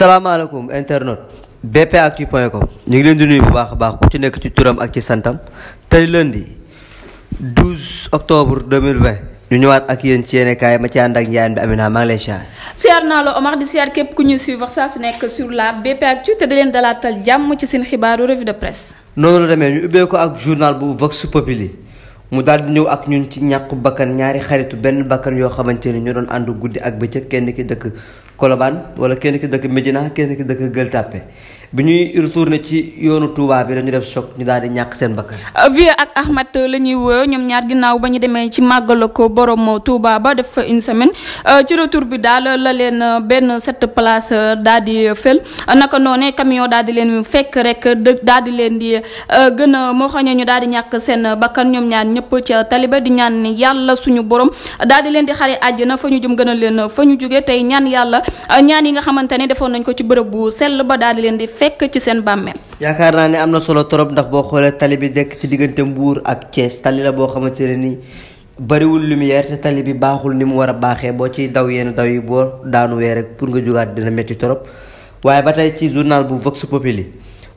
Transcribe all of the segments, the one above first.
salaamaaleykum internaute bpactu point com ñu ngi leen di nuyu bu baax a baax ku ci nekk ci turam ak ci santam tey lundi 12 octobre 2020 ñu ñëwaat ak yéen ci yéen kaay ma ci ànd ak njaayeen bi Amina maa siyaar. naa la Omar di siyaar képp ku ñu ñuy suivre saa su nekk sur la bpactu te di dalaatal jàmm ci seen xibaaru revue de presse. noonu la demee ñu ubbee ko ak journal bu Vox Populi mu daal di ñëw ak ñun ci ñàkku bakkan ñaari xaritu benn bakkan yoo xamante ni ñu doon ànd guddi ak bëccëg kenn ki dëkk. Colobane wala kenn ki dëkk Médina kenn ki dëkk Gueule Tapée bi ñuy retourné ci yoonu Touba bi dañu def choc ñu daal ñàkk seen bakkan. Euh, la ñuy woo ñoom ñaar ginnaaw ba ñu demee ci màggal ko borom Touba ba def fa une semaine euh, ci retour bi daal la leen euh, benn sept place daal di fel naka noonee camion daal di leen fekk rek daal di leen di gën a ñu daal di ñàkk seen bakkan ñoom ñaar ñëpp ci taliba di ñaan yàlla suñu borom daal di leen di xare àjjana fa ñu jëm gën a leen fa ñu jóge tey ñaan yàlla Euh, ñaan yi nga xamante ne defoon nañ ko ci bërëb bu sell ba daal di leen di fekk ci seen bàmmeel. yaakaar naa ne am na solo trop ndax boo xoolee tali bi nekk ci diggante Mbour ak Thiès tali la boo xamante ne nii bariwul lumière te tali bi baaxul ni mu war a baaxee boo ci daw yenn daw yi boo daanu weer rek pour nga jugaat dina métti trop waaye ba tey ci journal bu Vox li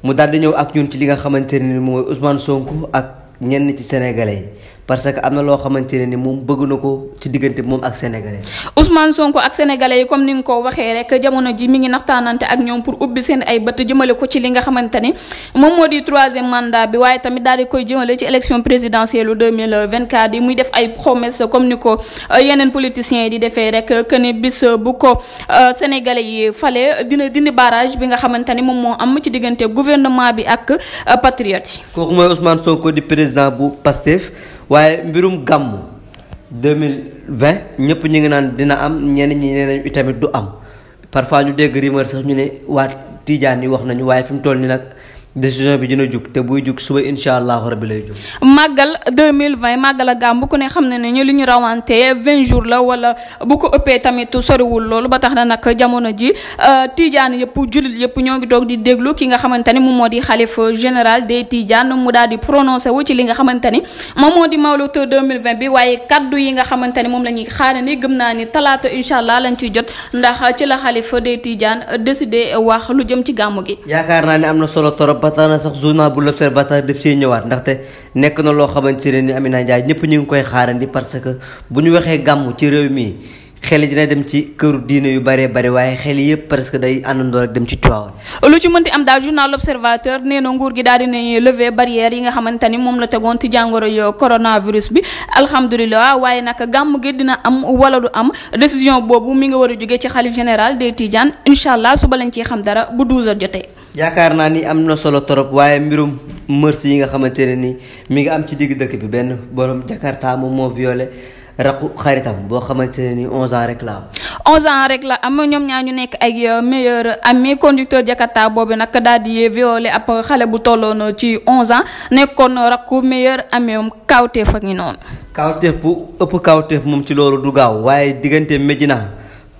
mu daal di ñëw ak ñun ci li nga xamante ne nii mooy Ousmane Sonko ak ñenn ci sénégalais yi. parce que am na loo xamante ne ni moom bëgg na ko ci diggante moom ak sénégalais Ousmane Sonko ak sénégalais comme ni nga ko waxee rek jamono ji mi ngi naxtaanante ñoom pour ubbi seen ay bët jëmale ko ci li nga xamante ni moom moo bi waaye tamit daal di koy jëmale ci élection présidentielle lu 2024 yi muy def ay promesse comme ni ko euh, yeneen politiciens yi di defee rek que ni bis bu ko euh, sénégalais yi fale dina dindi barrage bi nga xamante ni moom moo am ci diggante gouvernement bi ak euh, patriote yi kooku mooy Ousmane Sonko di président bu Pastef waaye mbirum gàmmu 2020 ñëpp ñu ngi naan dina am ñenn ñi nee nañu tamit du am parfois ñu dégg rumeur sax ñu ne waa Tijaan yi wax nañu waaye fi mu toll nii nag. décision bi dina jug te buy jug suba incha allahu rabi lay jug. màggal deux mille vingt màggal a gàmm bu ko ne xam ne ñu li ñu rawante vingt jours la wala bu ko ëppee tamit sorewul loolu ba tax na nag jamono ji euh, tiijaan yëpp jullit yëpp ñoo ngi doog di déglu ki nga xamante ni moom moo di xalif général des tijaan mu daal di prononcé wu ci li nga xamante ni moom di mawlud deux mille vingt bi waaye kàddu yi nga xamante ni moom lañuy ñuy ni gëm naa ni talaata incha allah lañ ciy jot ndax ci la xalif des tijaan décidé wax lu jëm ci gàmm gi. yaakaar naa ne am na solo torop ba tax na sax journal bu l'observateur daf cee ñëwaat ndaxte nekk na loo xamante ne ni Amina Ndiaye ñëpp ñu ngi koy xaarandi parce que bu ñu waxee gàmm ci réew mi. xel yi dina dem ci kër diine yu bëree bëri waaye xel yëpp presque day àndandoo rek dem ci Tivaouane lu ci mënti am daal journal l'Observateur nee na nguur gi daal dina lever barrière yi nga xamante ni moom la tegoon ci jàngoro yo coronavirus bi alhamdulilah waaye nag gàmm gi dina am wala du am décision boobu mi nga war a jógee ci xalif général de Tidiane incha allah suba lañ ciy xam dara bu 12h jotee. yaakaar naa ni am na solo torop waaye mbirum mœurs yi nga xamante ne ni mi ngi am ci digg dëkk bi benn borom Jakarta moom moo violé. raqu xaritam boo xamante ne ni 11 ans rek la am. 11 ans rek la am ñoom ñaa ñu nekk ay euh, meilleur ami conducteur Jakarta boobu nag daal di violé ab xale bu tolloo tolloon ci 11 ans nekkoon raqu meilleur ami am kawteef ak ñu noonu. kawteef bu ëpp kawteef moom ci loolu du gaaw waaye diggante na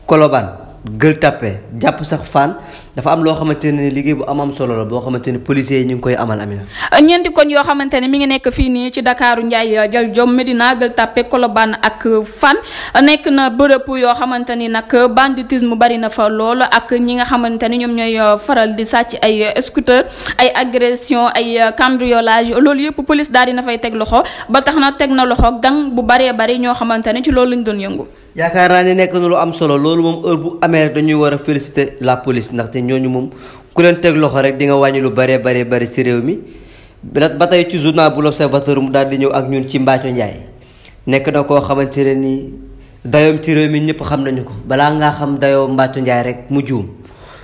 Colobane. Gueule Tapée jàpp sax fan dafa am loo xamante ne liggéey bu amam solo la boo xamante ne policiers yi ñu ngi koy amal Amina. ñeenti kon yoo xamante ne mi ngi nekk fii nii ci Dakaaru Ndiaye Jal Jom Medina Gueule Tapée Colobane ak fan nekk na bërëb yoo xamante ni nag banditisme bari na fa lool ak ñi nga xamante ni ñoom ñooy faral di sàcc ay scooter ay agression ay cambriolage loolu yëpp police daal dina fay teg loxo ba tax na teg na loxo gang bu baree bari ñoo xamante ne ci loolu lañ doon yëngu. yaakaar naa ne nekk na lu am solo loolu moom heure bu amee rek dañuy war a féliciter la police ndaxte ñooñu moom ku leen teg loxo rek di nga wàññi lu bëree bëree bëri ci réew mi. ba tey ci journal bu l'Observateur mu daal di ñëw ak ñun ci Mbathio Ndiaye nekk na koo xamante ne nii dayoom ci réew mi ñëpp xam nañu ko balaa ngaa xam dayoo Mbathio Ndiaye rek mu juum.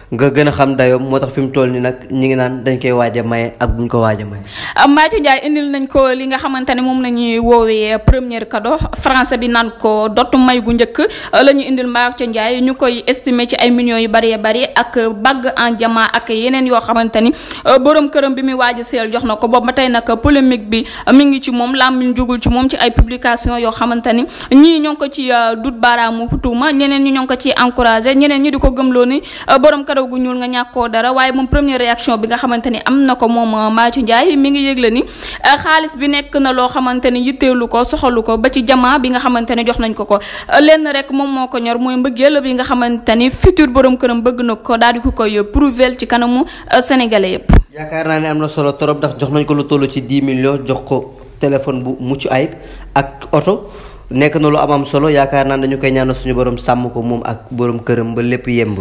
nga gën xam dayoom moo tax fi mu toll nii nag ñi ngi naan dañ koy waaj a maye ak buñ ko waaj a maye. Mbathio Ndiaye indil nañ ko li nga xamante ne moom la ñuy woowee ka cadeau français bi naan ko dootu may gu njëkk euh, la ñu indil Mbathio Ndiaye ñu koy estimé ci ay millions yu bëree bëri ak bague en diamant ak yeneen yoo xamante ni euh, borom këram bi muy waaj a jox na ko boobu ba tey nag polémique bi euh, mi ngi ci moom laam ñu jugul ci moom ci ay publication yoo xamante ni ñii ñoo ko ci dut baaraamu tuuma ñeneen ñi ñoo ngi ko ci encouragé ñeneen ñi di ko gëmloo ni borom këram karaw gu ñuul nga ñàkkoo dara waaye moom première réaction bi nga xamante ni am na ko moom euh, Mathio Ndiaye mi ngi yëgle ni euh, xaalis bi nekk na loo xamante ni yitteelu ko soxalu ko ba ci jamaa bi nga xamante ne jox nañ ko ko euh, lenn rek moom moo ko ñor mooy mbëggeel bi nga xamante ni futur borom këram bëgg na ko daal di ko koy prouvel ci kanamu sénégale yëpp. yaakaar naa ne am na solo torop ndax jox nañ ko lu toll ci 10 millions jox ko téléphone bu mucc ay ak oto. nekk na lu am am solo yaakaar naa dañu koy ñaanal suñu borom sàmm ko moom ak borom këram ba lépp yemb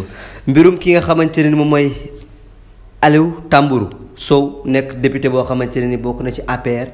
mbirum ki nga xamante ne ni moom mooy Aliou Tambourou Sow nekk député boo xamante ne ni bokk na ci APR.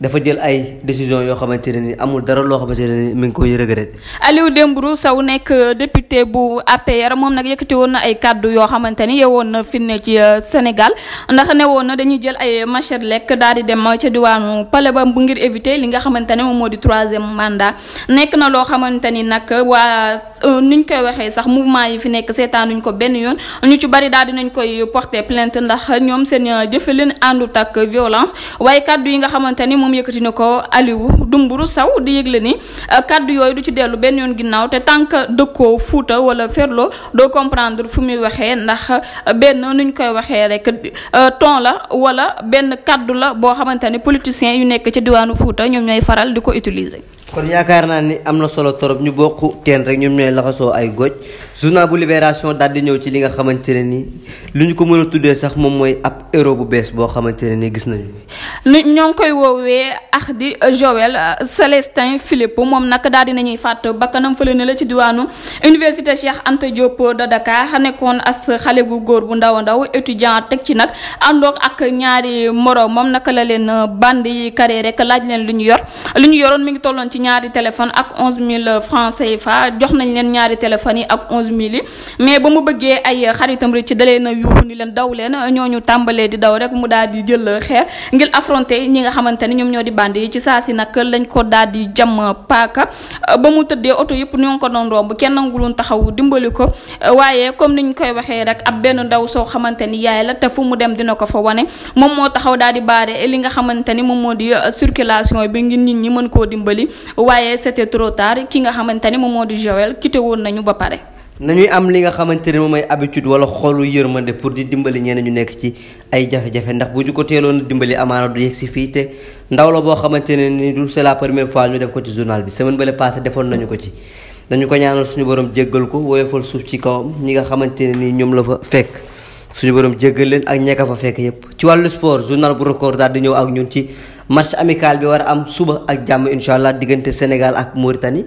dafa jël ay décision yoo xamante ne ni amul dara loo xamante ne ngi mi ngi koy regretté. Aliou Dembourou Sow nekk euh, député bu APR moom nag te woon na ay kàddu yoo xamante ni yeewoon na fi ne ci euh, Sénégal ndax ne woon na dañuy jël ay machette lekk daal di dem ca diwaanu pale ba ngir éviter li nga xamante ne moom moo di troisième mandat nekk na loo xamante ni nag waa euh, nuñ koy waxee sax mouvement yi fi nekk seetaanuñ ko benn yoon ñu ci bari daal dinañ koy porté plainte ndax ñoom seen jëfe leen àndut ak violence waaye kàddu yi nga xamante mu yëkkati na ko Aliou Dumburu Saw di yëgle ni euh, kàddu yooyu du ci dellu benn yoon ginnaaw te tànk dëkkoo Fuuta wala Ferlo doo comprendre fu muy waxee ndax euh, benn ñu koy waxee rek euh, ton la wala benn kàddu la boo xamante ne politiciens yu nekk ci diwaanu Fuuta ñoom ñooy faral di ko utiliser. kon yaakaar naa ni am na solo torop ñu bokk teen rek ñoom ñooy laxasoo ay goj naa bu libération daal di ñëw ci li nga xamante ne nii lu ñu ko mën a tuddee sax moom mooy ab héros bu bees boo xamante ne nii gis nañu. lu ñoo ngi koy woowee ax di Joël Célestin Philippe moom nag daal di nañuy fàtt bakkanam fële ne la ci diwaanu université Cheikh Anta Diop de Dakar nekkoon as xale gu góor bu ndaw ndaw étudiant teg ci nag àndoog ak ñaari moroom moom naka la leen band yi kare rek laaj leen lu ñu yor lu ñu yoroon mi ngi tolloon ci ñaari téléphone ak mille 11000 francs CFA jox nañ leen ñaari téléphones yi ak 11000 yi mais ba mu bëggee ay xaritam rek ci dalee na yuuxu ni leen daw leen ñooñu tàmbalee di daw rek mu daal di jël xeer ngir affronter ñi nga xamante ni ñoom ñoo di band yi ci saa si nag lañ ko daal di jam paaka ba mu tëddee oto yëpp ñoo ko doon romb kenn nangu nanguloon taxaw dimbali ko waaye comme ni ñu koy waxee rek ab benn ndaw soo xamante ni yaay la te fu mu dem dina ko fa wane moom moo taxaw daal di baare li nga xamante ni moom moo di circulation bi ngir nit ñi mën koo dimbali waaye c'était trop tard ki nga xamante ni moom moo di Joël quitté woon nañu ba pare. nañuy am li nga xamante ne moom mooy habitude wala xolu yërmande pour di dimbali ñeneen ñu nekk ci ay jafe-jafe ndax bu ñu ko teeloon dimbali amaana du yegg si fii te ndaw la boo xamante ne ni du c'est la première fois ñu def ko ci journal bi semaine bële passé defoon nañu ko ci. dañu ko ñaanal suñu borom jéggal ko woyofal suuf ci kawam ñi nga xamante ne ni ñoom la fa fekk suñu borom jéggal leen ak ñekka fekk yépp ci wàllu sport journal bu record daal di ñëw ak ñun ci. match amical bi war am suba ak jàmm incha allah diggante Sénégal ak mortani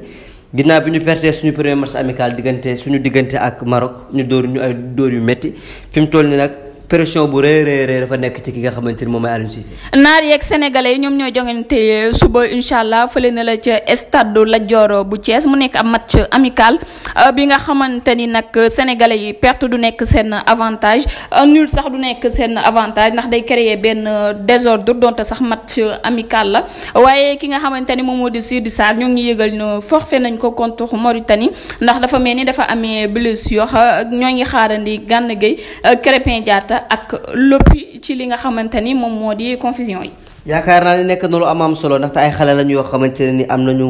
ginnaaw bi ñu pertee suñu premier match amical diggante suñu diggante ak Maroc ñu dóor ñu ay dóor yu métti fi mu toll nii nag. pression bu rëy rëy rëy dafa nekk ci ki nga xamante ni moom mooy Aliou Cissé. naar yeeg sénégalais yi ñoom ñoo jongante suba incha fële na la ca stade Lat bu Thiès mu nekk ab match amical euh, bi nga xamante nag sénégalais yi perte du nekk seen avantage euh, nul sax du nekk seen avantage ndax day créer benn désordre donte sax match amical la waaye ki nga xamante ni moom moo di Sidi Sarr ñoo ngi yëgal ñu forfait nañ ko contre Mauritanie ndax dafa mel ni dafa amee blessure euh, ñoo ngi xaarandi Gana Gueye ak loppi ci li nga xamante ni moom moo di confusion yi. yaakaar naa ne nekk na lu am am solo ndaxte ay xale lañ yoo xamante ne ni am nañu.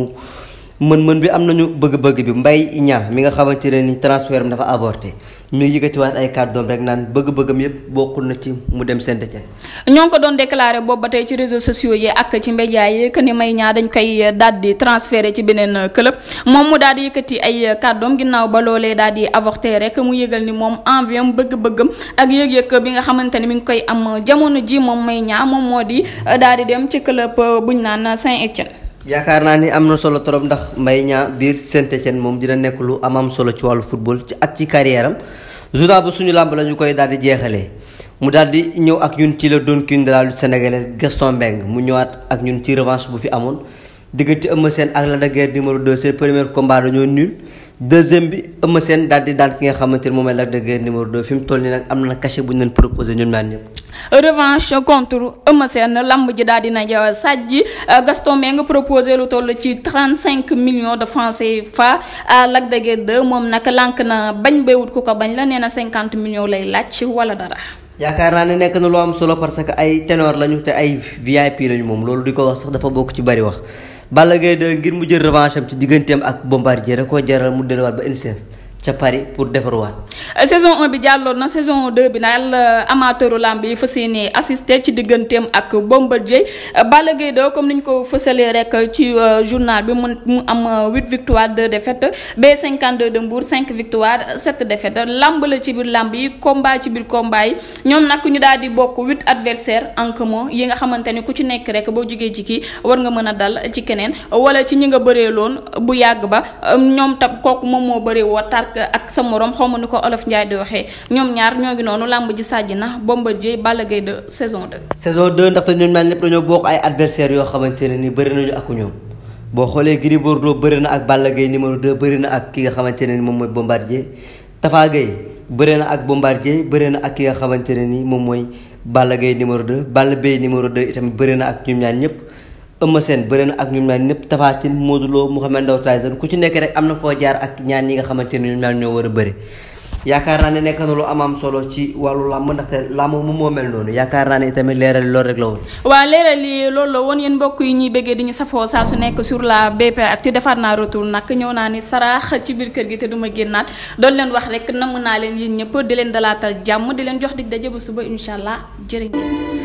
mën-mën bi am nañu bëgg-bëgg bi mbay Niang mi nga xamante ne ni transfert am dafa avorté mi ay kàddoom rek naan bëgg-bëggam yëpp bokkul na ci mu dem Saint-Étienne. ñoo ngi ko doon déclaré boobu ba tey ci réseaux sociaux yi ak ci média yi que ni Mbaye dañ koy daal di transféré ci beneen club moom mu daal di yëkkati ay kàddoom ginnaaw ba loolee daal di avorté rek mu yëgal ni moom envie am bëgg-bëggam ak yëg bi nga xamante ni mi ngi koy am jamono ji moom Mbaye Niang moom moo di daal di dem ci club buñ naan Saint-Étienne. yaakaar naa ni am na solo trop ndax mbay ñaa biir Saint-Étienne moom dina nekk lu amam solo ci wàllu football ci ak ci carrière am bu suñu làmb la ñu koy daal di jeexalee mu daal di ñëw ak ñun ci la doon King de la lutte sénégalaise Gaston Mbengue mu ñëwaat ak ñun ci revanche bu fi amoon. diggante Eumeu Sène ak Lac de Guiers numéro 2 seen premier combat dañoo nul deuxième bi Eumeu Sène daal di daan ki nga xamante ne moom mooy Lac de Guiers numéro 2 mu toll nii na cachet bu ñu leen proposé ñoom ñaar ñëpp. revanche lamb ji daal di na sàjji euh, Gaston Mbengue proposé lu toll ci 35 millions de francs CFA à Lac de Guiers 2 moom nag lànk na bañ béywut ku ko bañ la nee na 50 millions lay laaj wala dara. yaakaar naa ne nekk na loo am solo parce que ay ténor lañu te ay VIP lañu moom loolu di ko wax sax dafa bokk ci bari wax. Balla ngay de ngir mu jël revanche am ci digganteem ak Bombardier da koo jaral mu delluwaat ba INSEP. ca Paris pour defaruwaat. saison 1 bi jàlloon na saison 2 bi daal amateuru lamb yi fas yéene assisté ci digganteem ak Bombardier Balla Gaye de comme ni ñu ko fësalee rek ci euh, journal bi mu am 8 victoire 2 défaites B52 de Mbour 5 victoire de défaites lamb la ci biir lamb yi combat ci biir combat yi ñoom nag ñu daal di bokk 8 adversaires en commun yi nga xamante ni ku ci nekk rek boo jógee ci kii war nga mën a dal ci keneen wala ci ñi nga bëree loon bu yàgg ba euh, ak ak sa moroom xaw ma nu ko olof Ndiaye di waxee ñoom ñaar ñoo gi noonu làmb ji sàjj na Bombardier Balla Gaye de saison 2. saison 2 ndaxte ñoom ñaar ñëpp dañoo bokk ay adversaires yoo xamante ne ni bëri nañu ak ñoom boo xoolee Gris Bordeaux bëri na ak Balla Gaye numéro 2 bëri na ak ki nga xamante ne ni moom mooy Bombardier Tafa Gaye bëre na ak Bombardier bëre na ak ki nga xamante ne ni moom mooy Balla Gaye numéro 2 Balla Gaye numéro 2 itamit bëre na ak ñoom ñaan ñëpp Eumeu Sène bëri na ak ñun mel ñëpp Tapha Tine Modou Lo Mouhamed Ndao Tyson a bëri yaakaar naa ne nekk na lu am am solo ci wàllu làmb ndaxte làmb moom moo mel noonu yaakaar naa ne itamit di ñu safoo saa su nekk sur la BP Actu defaat naa retour nag ñëw naa ni saraax ci biir kër gi te duma génnaat doon leen wax rek namm naa leen yéen ñëpp di leen dalaatal jàmm di leen jox dig da ba suba incha allah jërë